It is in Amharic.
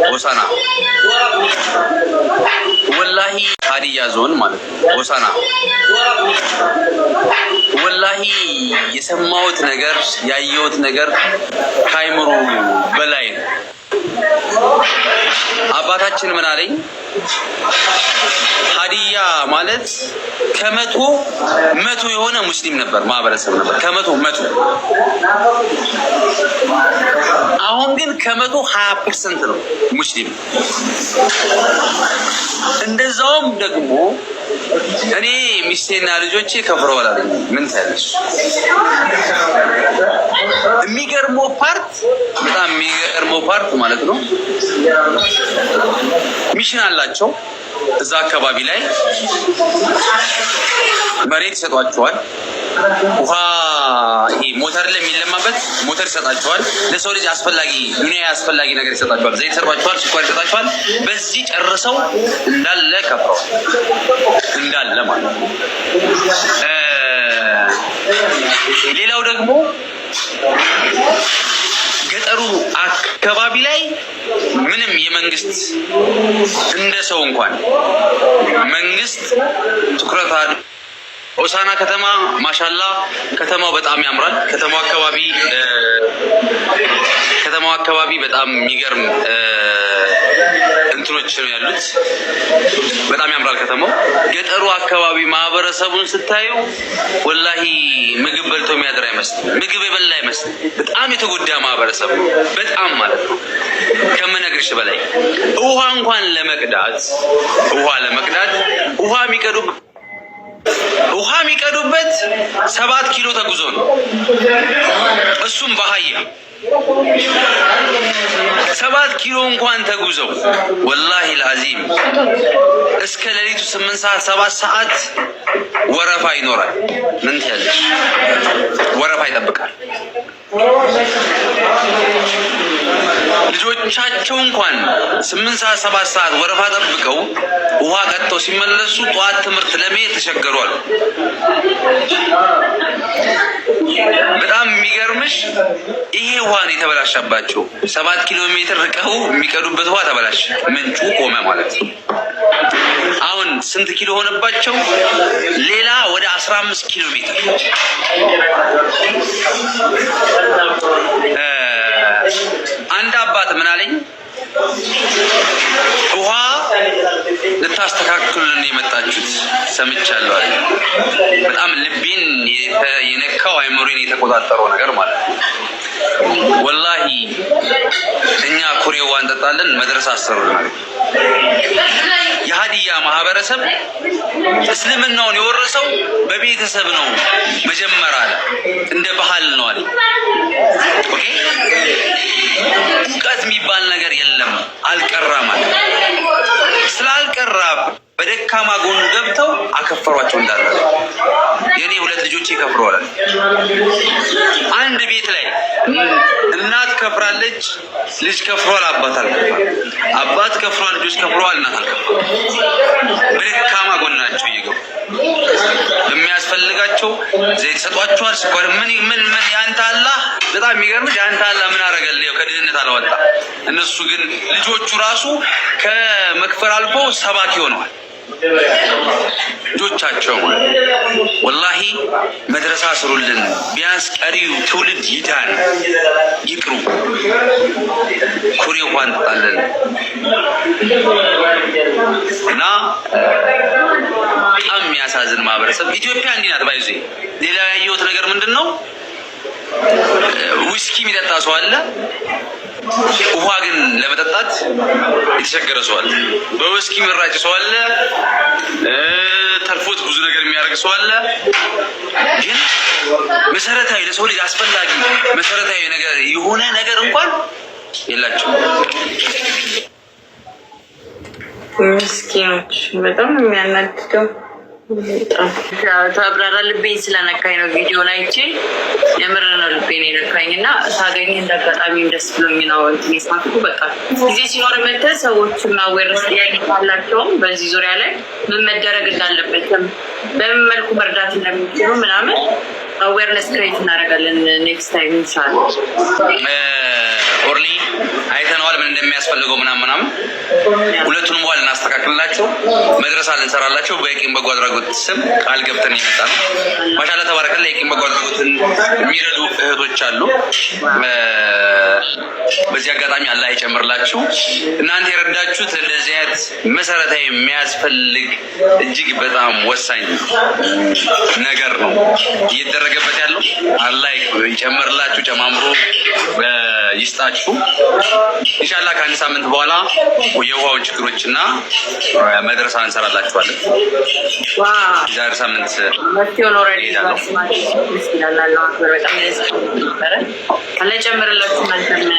ሆሳና ወላሂ ሀዲያ ዞን ማለት ነው። ሆሳና ወላሂ የሰማሁት ነገር ያየሁት ነገር ከአይምሮ በላይ ነው። አባታችን ምን አለኝ? ሀዲያ ማለት ከመቶ መቶ የሆነ ሙስሊም ነበር ማህበረሰብ ነበር። ከመቶ መቶ አሁን ግን ከመቶ ሀያ ፐርሰንት ነው ሙስሊም እንደዛውም ደግሞ እኔ ሚስቴና ልጆቼ ከፍረዋል አለኝ። ምን ታያለሽ? የሚገርመው ፓርት በጣም የሚገርመው ፓርት ማለት ነው ሚሽን አላቸው እዛ አካባቢ ላይ መሬት ይሰጧቸዋል ውሃ ሞተር ለሚለማበት ሞተር ይሰጣቸዋል። ለሰው ልጅ አስፈላጊ ዱኒያ አስፈላጊ ነገር ይሰጣቸዋል። ዘይት ይሰጣቸዋል፣ ስኳር ይሰጣቸዋል። በዚህ ጨርሰው እንዳለ ከፍረዋል። እንዳለ ማለት ነው። ሌላው ደግሞ ገጠሩ አካባቢ ላይ ምንም የመንግስት እንደ ሰው እንኳን መንግስት ትኩረት ሆሳና ከተማ ማሻላ ከተማው በጣም ያምራል። ከተማው አካባቢ ከተማው አካባቢ በጣም የሚገርም እንትኖች ነው ያሉት። በጣም ያምራል ከተማው። ገጠሩ አካባቢ ማህበረሰቡን ስታዩ ወላሂ ምግብ በልቶ የሚያድር አይመስልም። ምግብ የበላ አይመስልም። በጣም የተጎዳ ማህበረሰብ ነው። በጣም ማለት ነው ከምነግርሽ በላይ ውሃ እንኳን ለመቅዳት ውሃ ለመቅዳት ውሃ የሚቀዱ ውሃ የሚቀዱበት ሰባት ኪሎ ተጉዞ ነው። እሱም በአህያ ሰባት ኪሎ እንኳን ተጉዘው ወላሂ ልአዚም እስከ ሌሊቱ ስምንት ሰዓት ሰባት ሰዓት ወረፋ ይኖራል። ምን ትያለሽ? ወረፋ ይጠብቃል። ልጆቻቸው እንኳን ስምንት ሰዓት ሰባት ሰዓት ወረፋ ጠብቀው ውሃ ቀጥተው ሲመለሱ ጠዋት ትምህርት ለመሄድ ተቸገሯል። በጣም የሚገርምሽ ይሄ ውሃ ነው የተበላሸባቸው። ሰባት ኪሎ ሜትር ርቀው የሚቀዱበት ውሃ ተበላሽ፣ ምንጩ ቆመ ማለት ነው። አሁን ስንት ኪሎ ሆነባቸው? ሌላ ወደ አስራ አምስት ኪሎ ሜትር ሰዓት ምን አለኝ? ውሃ ልታስተካክሉልን የመጣችሁት ሰምቻለሁ አለ። በጣም ልቤን የነካው አይምሮን የተቆጣጠረው ነገር ማለት ነው። ወላሂ እኛ ኩሬዋ እንጠጣለን መድረስ አሰሩልን አለኝ። የሀዲያ ማህበረሰብ እስልምናውን የወረሰው በቤተሰብ ነው። መጀመሪያ እንደ ባህል ነው አለ። እውቀት የሚባል ነገር የለም አልቀራም አለ። ስላልቀራ በደካማ ጎኑ ገብተው አከፈሯቸው እንዳለ የእኔ ሁለት ልጆች ይከፍረዋል አንድ ቤት ላይ ከፍራለች፣ ልጅ ከፍሯል፣ አባት አልከፋል። አባት ከፍሯል፣ ልጆች ከፍሯል፣ እናት አልከፋል። በደካማ ጎናቸው እየገቡ የሚያስፈልጋቸው ዘይት ሰጧቸዋል፣ ስኳር ምን ምን ምን። ያንተ አላህ በጣም የሚገርምሽ ያንተ አላህ ምን ያው ከድህነት አላወጣ። እነሱ ግን ልጆቹ ራሱ ከመክፈር አልፎ ሰባኪ ሆነዋል። ልጆቻቸው ወላሂ መድረሳ ስሩልን፣ ቢያንስ ቀሪው ትውልድ ይዳን ይቅሩ። ኩሬ እንኳን ጣለን እና በጣም የሚያሳዝን ማህበረሰብ ኢትዮጵያ እንዲናት ናት። ባይዜ ሌላ ያየሁት ነገር ምንድን ነው? ዊስኪ የሚጠጣ ሰው አለ፣ ውሃ ግን ለመጠጣት የተቸገረ ሰው አለ። በውስኪ የሚራጭ ሰው አለ፣ ተርፎት ብዙ ነገር የሚያደርግ ሰው አለ። ግን መሰረታዊ ለሰው ልጅ አስፈላጊ መሰረታዊ ነገር የሆነ ነገር እንኳን የላቸው። ምስኪኖች በጣም የሚያናድደው ተብራራ ልቤን ስለነካኝ ነው። ቪዲዮ ላይቼ የምር ነው ልቤን የነካኝ እና ሳገኝ እንደ አጋጣሚም ደስ ብሎኝ ነው እንትን የሳትኩ። በቃ ጊዜ ሲኖር መተ ሰዎችና አዌርነስ ጥያቄ ካላቸውም በዚህ ዙሪያ ላይ ምን መደረግ እንዳለበትም በምን መልኩ መርዳት እንደሚችሉ ምናምን አዌርነስ ክሬት እናደርጋለን ኔክስት ታይም ይሻላል ኦርሊ እንደሚያስፈልገው ምናምን ምናምን ሁለቱንም በኋላ እናስተካክልላቸው መድረሳ ልንሰራላቸው በቂም በጎ አድራጎት ስም ቃል ገብተን ይመጣ ነው። ማሻላ ተባረከላ። የቂም በጎ አድራጎትን የሚረዱ እህቶች አሉ። በዚህ አጋጣሚ አላህ ይጨምርላችሁ። እናንተ የረዳችሁት እንደዚህ አይነት መሰረታዊ የሚያስፈልግ እጅግ በጣም ወሳኝ ነገር ነው እየተደረገበት ያለው። አላህ ይጨምርላችሁ፣ ጨማምሮ ይስጣችሁ። በጠቅላላ ከአንድ ሳምንት በኋላ የውሃውን ችግሮች እና መድረሳ እንሰራላችኋለን። ዛሬ ሳምንት ጨምርላችሁ